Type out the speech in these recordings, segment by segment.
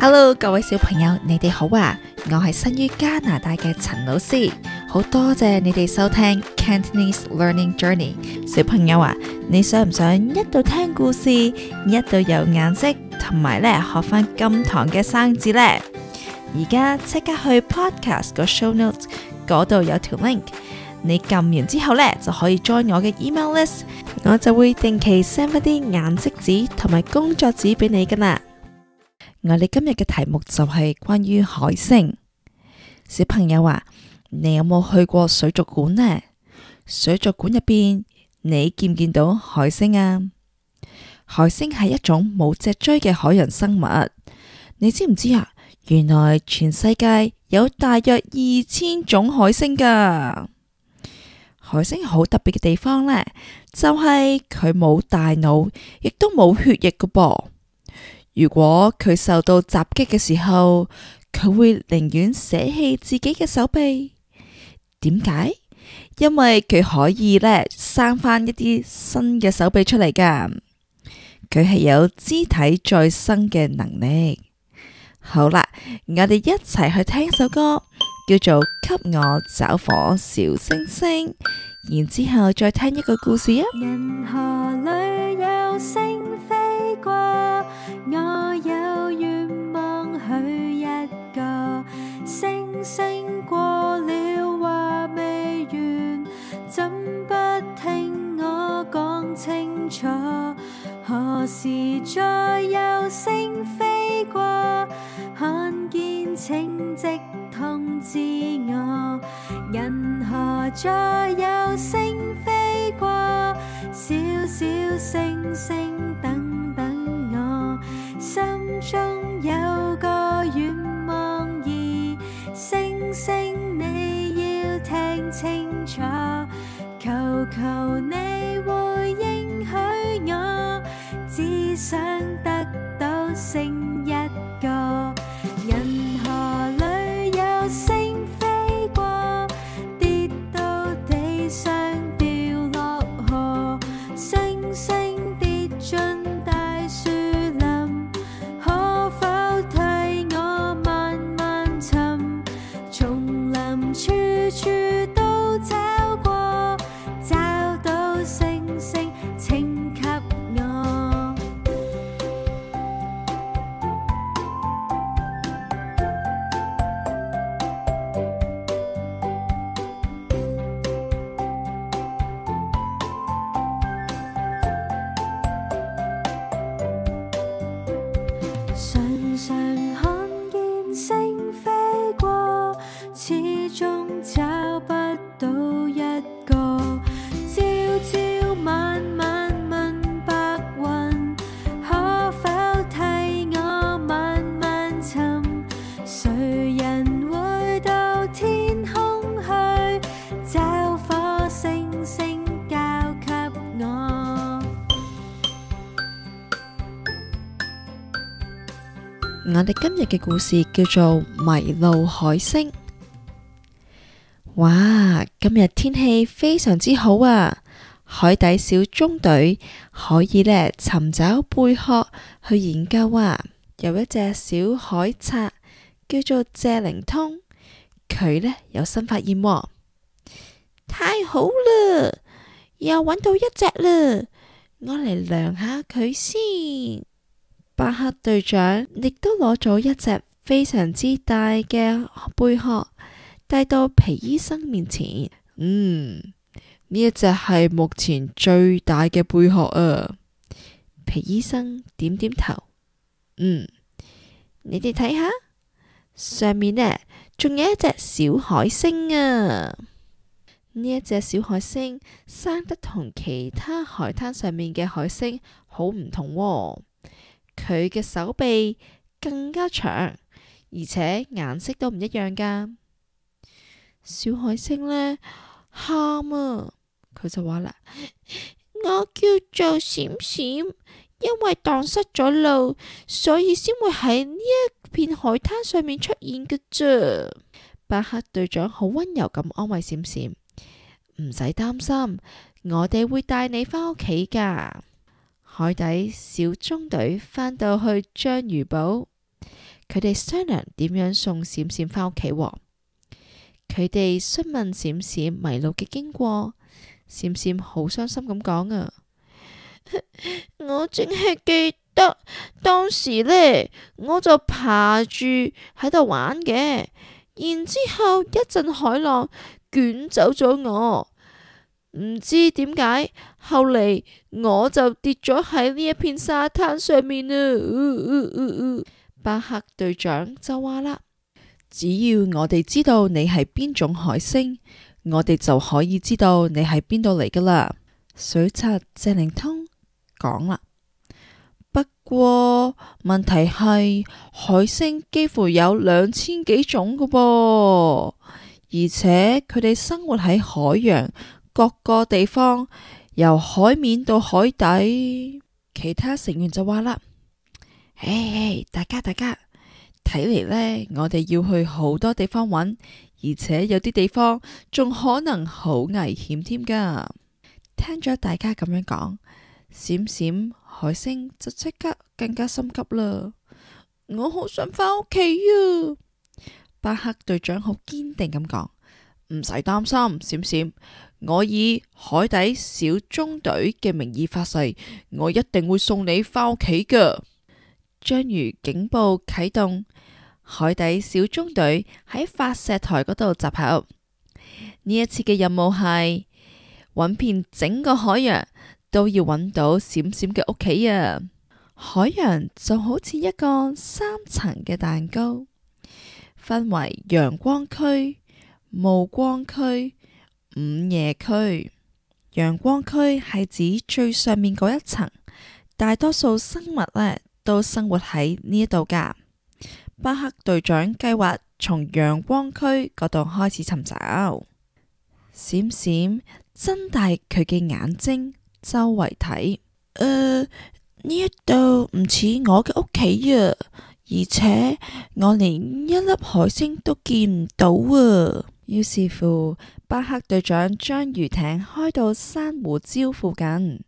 Hello，各位小朋友，你哋好啊！我係生於加拿大嘅陳老師，好多謝你哋收聽 Cantonese Learning Journey。小朋友啊，你想唔想一度聽故事，一度有顏色，同埋咧學翻今堂嘅生字呢？而家即刻去 Podcast 個 Show Notes 嗰度有條 link，你撳完之後咧就可以 join 我嘅 email list，我就會定期 send 一啲顏色紙同埋工作紙俾你噶啦。我哋今日嘅題目就係關於海星。小朋友啊，你有冇去過水族館呢？水族館入邊，你見唔見到海星啊？海星係一種冇脊椎嘅海洋生物。你知唔知啊？原來全世界有大約二千種海星噶。海星好特別嘅地方呢，就係佢冇大腦，亦都冇血液噶噃。如果佢受到襲擊嘅時候，佢會寧願捨棄自己嘅手臂。點解？因為佢可以呢生翻一啲新嘅手臂出嚟噶。佢係有肢體再生嘅能力。好啦，我哋一齊去聽首歌，叫做《給我找顆小星星》，然之後再聽一個故事啊。何時再有星飛過？看見請即通知我。銀河再有星飛過，小小星星等等我心中。我哋今日嘅故事叫做《迷路海星》。哇，今日天氣非常之好啊！海底小中隊可以呢尋找貝殼去研究啊！有一隻小海賊叫做謝靈通，佢呢有新發現喎。太好啦，又搵到一隻啦！我嚟量下佢先。巴克隊長亦都攞咗一隻非常之大嘅貝殼，帶到皮醫生面前。嗯，呢一隻係目前最大嘅貝殼啊。皮醫生點點頭，嗯，你哋睇下上面呢，仲有一隻小海星啊。呢一隻小海星生得同其他海灘上面嘅海星好唔同啊。佢嘅手臂更加長，而且顏色都唔一樣噶。小海星呢，喊啊，佢就話啦：我叫做閃閃，因為蕩失咗路，所以先會喺呢一片海灘上面出現嘅啫。巴克隊長好溫柔咁安慰閃閃：唔使擔心，我哋會帶你返屋企噶。海底小中隊返到去章魚堡，佢哋商量點樣送閃閃返屋企。佢哋詢問閃閃迷路嘅經過，閃閃好傷心咁講啊： 我淨係記得當時呢，我就爬住喺度玩嘅，然之後一陣海浪捲走咗我。唔知點解，後嚟我就跌咗喺呢一片沙灘上面啦。巴克隊長就話啦，只要我哋知道你係邊種海星，我哋就可以知道你係邊度嚟噶啦。水賊鄭靈通講啦，不過問題係海星幾乎有兩千幾種噶噃，而且佢哋生活喺海洋，各個地方，由海面到海底。其他成員就話啦，誒，大家大家睇嚟，呢，我哋要去好多地方揾，而且有啲地方仲可能好危險添噶。聽咗大家咁樣講，閃閃海星就即刻更加心急啦。我好想翻屋企啊！巴克隊長好堅定咁講，唔使擔心，閃閃。我以海底小中隊嘅名義發誓，我一定會送你返屋企噶。章魚警報啟動，海底小中隊喺發射台嗰度集合。呢一次嘅任務係揾遍整個海洋，都要揾到閃閃嘅屋企啊！海洋就好似一個三層嘅蛋糕，分為陽光區、暮光區。午夜區、陽光區係指最上面嗰一層，大多數生物呢都生活喺呢一度噶。巴克隊長計劃從陽光區嗰度開始尋找。閃閃睜大佢嘅眼睛，周圍睇。呃，呢一度唔似我嘅屋企啊，而且我連一粒海星都見唔到啊！於是乎，巴克隊長將魚艇開到珊瑚礁附近。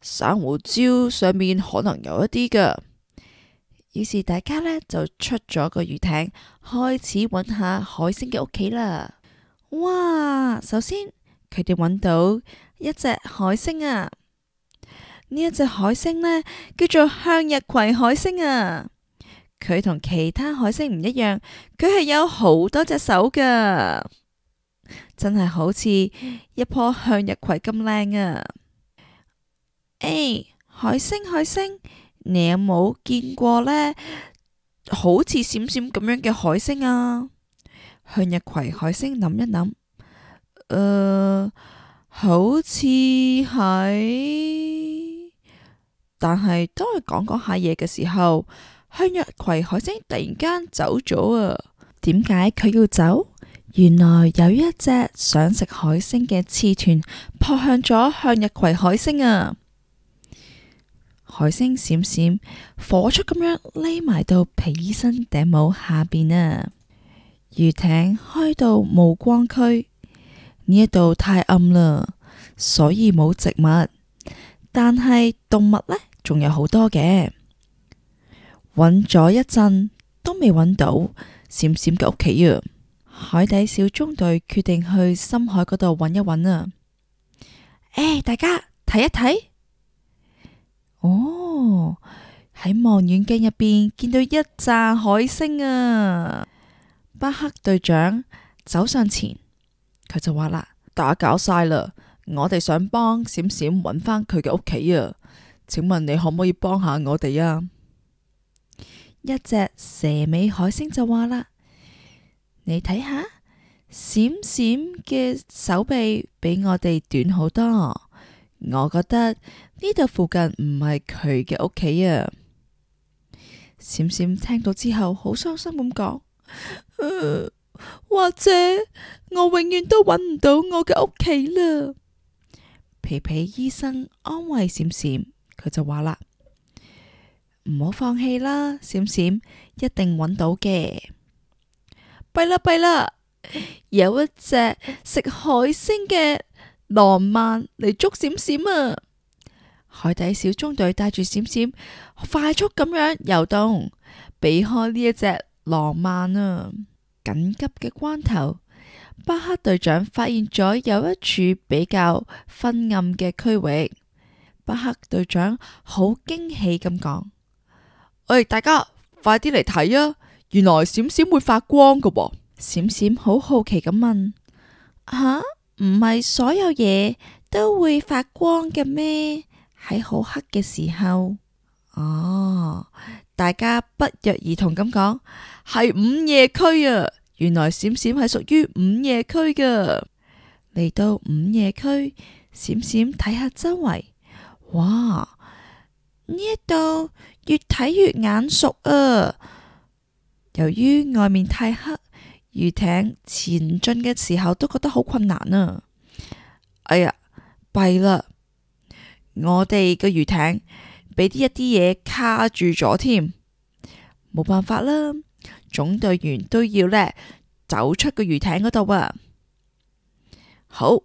珊瑚礁上面可能有一啲噶。於是大家呢就出咗個魚艇，開始揾下海星嘅屋企啦。哇！首先佢哋揾到一隻海星啊。呢一隻海星呢，叫做向日葵海星啊。佢同其他海星唔一樣，佢係有好多隻手噶，真係好似一棵向日葵咁靚啊！誒、欸，海星海星，你有冇見過呢？好似閃閃咁樣嘅海星啊！向日葵海星諗一諗，誒、呃，好似係，但係當佢講講下嘢嘅時候。向日葵海星突然間走咗啊！點解佢要走？原來有一隻想食海星嘅刺豚撲向咗向日葵海星啊！海星閃閃火速咁樣匿埋到皮衣身頂帽下面啊！魚艇開到無光區呢一度太暗啦，所以冇植物，但係動物呢，仲有好多嘅。揾咗一陣都未揾到閃閃嘅屋企啊！海底小縱隊決定去深海嗰度揾一揾啊！唉、欸，大家睇一睇。哦，喺望遠鏡入邊見到一紮海星啊！巴克隊長走上前，佢就話啦：打攪晒啦，我哋想幫閃閃揾返佢嘅屋企啊！請問你可唔可以幫下我哋啊？一隻蛇尾海星就話啦：，你睇下閃閃嘅手臂比我哋短好多，我覺得呢度附近唔係佢嘅屋企啊！閃閃聽到之後傷心，好傷心咁講：，或者我永遠都搵唔到我嘅屋企啦！皮皮醫生安慰閃閃，佢就話啦。唔好放棄啦，閃閃一定揾到嘅。弊啦弊啦，有一隻食海星嘅浪漫嚟捉閃閃啊！海底小中隊帶住閃閃快速咁樣游動，避開呢一隻浪漫啊！緊急嘅關頭，巴克隊長發現咗有一處比較昏暗嘅區域，巴克隊長好驚喜咁講。哎，大家快啲嚟睇啊！原來閃閃會發光噶噃、哦。閃閃好好奇咁問：吓、啊，唔係所有嘢都會發光嘅咩？喺好黑嘅時候。哦，大家不約而同咁講：係午夜區啊！原來閃閃係屬於午夜區噶。嚟到午夜區，閃閃睇下周圍，哇！呢一度越睇越眼熟啊！由於外面太黑，魚艇前進嘅時候都覺得好困難啊！哎呀，弊啦！我哋嘅魚艇俾啲一啲嘢卡住咗添，冇辦法啦！總隊員都要呢走出個魚艇嗰度啊！好。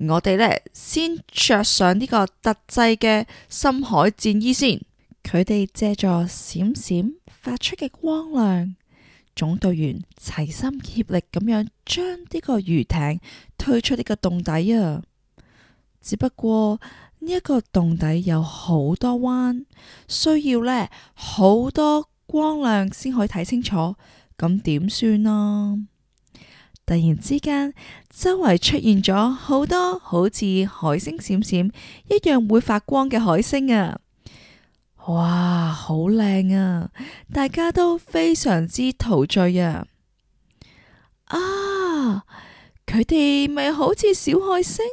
我哋呢先着上呢個特製嘅深海戰衣先，佢哋借助閃閃發出嘅光亮，總隊員齊心協力咁樣將呢個魚艇推出呢個洞底啊！只不過呢一個洞底有好多彎，需要呢好多光亮先可以睇清楚，咁點算啊？突然之間，周圍出現咗好多好似海星閃閃一樣會發光嘅海星啊！哇，好靚啊！大家都非常之陶醉啊！啊，佢哋咪好似小海星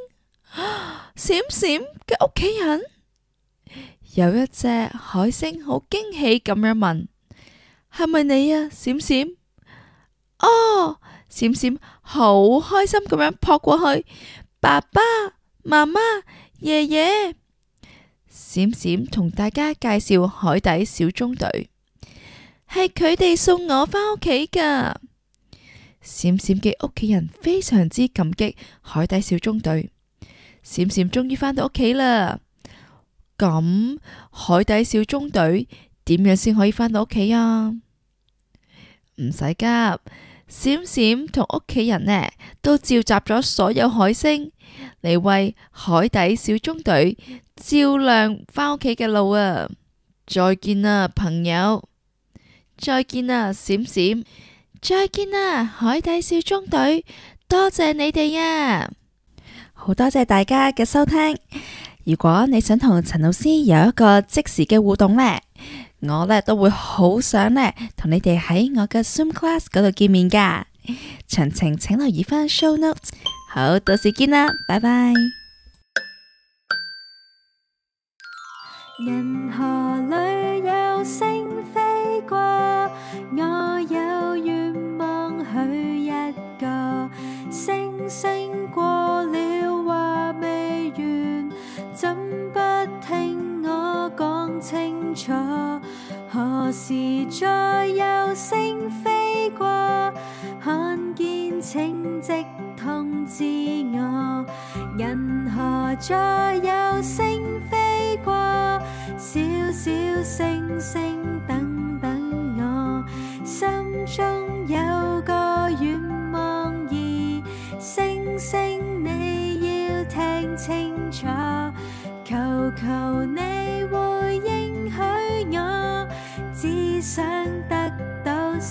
閃閃嘅屋企人？有一隻海星好驚喜咁樣問：係咪你啊，閃閃？哦、啊。閃閃好開心咁樣撲過去，爸爸媽媽、爺爺，閃閃同大家介紹海底小中隊，係佢哋送我返屋企噶。閃閃嘅屋企人非常之感激海底小中隊。閃閃終於返到屋企啦！咁海底小中隊點樣先可以返到屋企啊？唔使急。閃閃同屋企人呢，都召集咗所有海星嚟為海底小中隊照亮返屋企嘅路啊！再見啦，朋友！再見啦，閃閃！再見啦，海底小中隊！多謝你哋啊！好多謝大家嘅收聽。如果你想同陳老師有一個即時嘅互動呢，我呢都會好想呢同你哋喺我嘅 Zoom class 嗰度見面㗎，詳情請留意返 show notes。好，到時見啦，拜拜。銀河裏有星飛過，我有願望許一個星星過了，話未完，怎不聽我講清楚？何時再有星飛過？看見請即通知我。任何再有星飛過，小小星星等等我。心中有個願望而星星你要聽清楚，求求。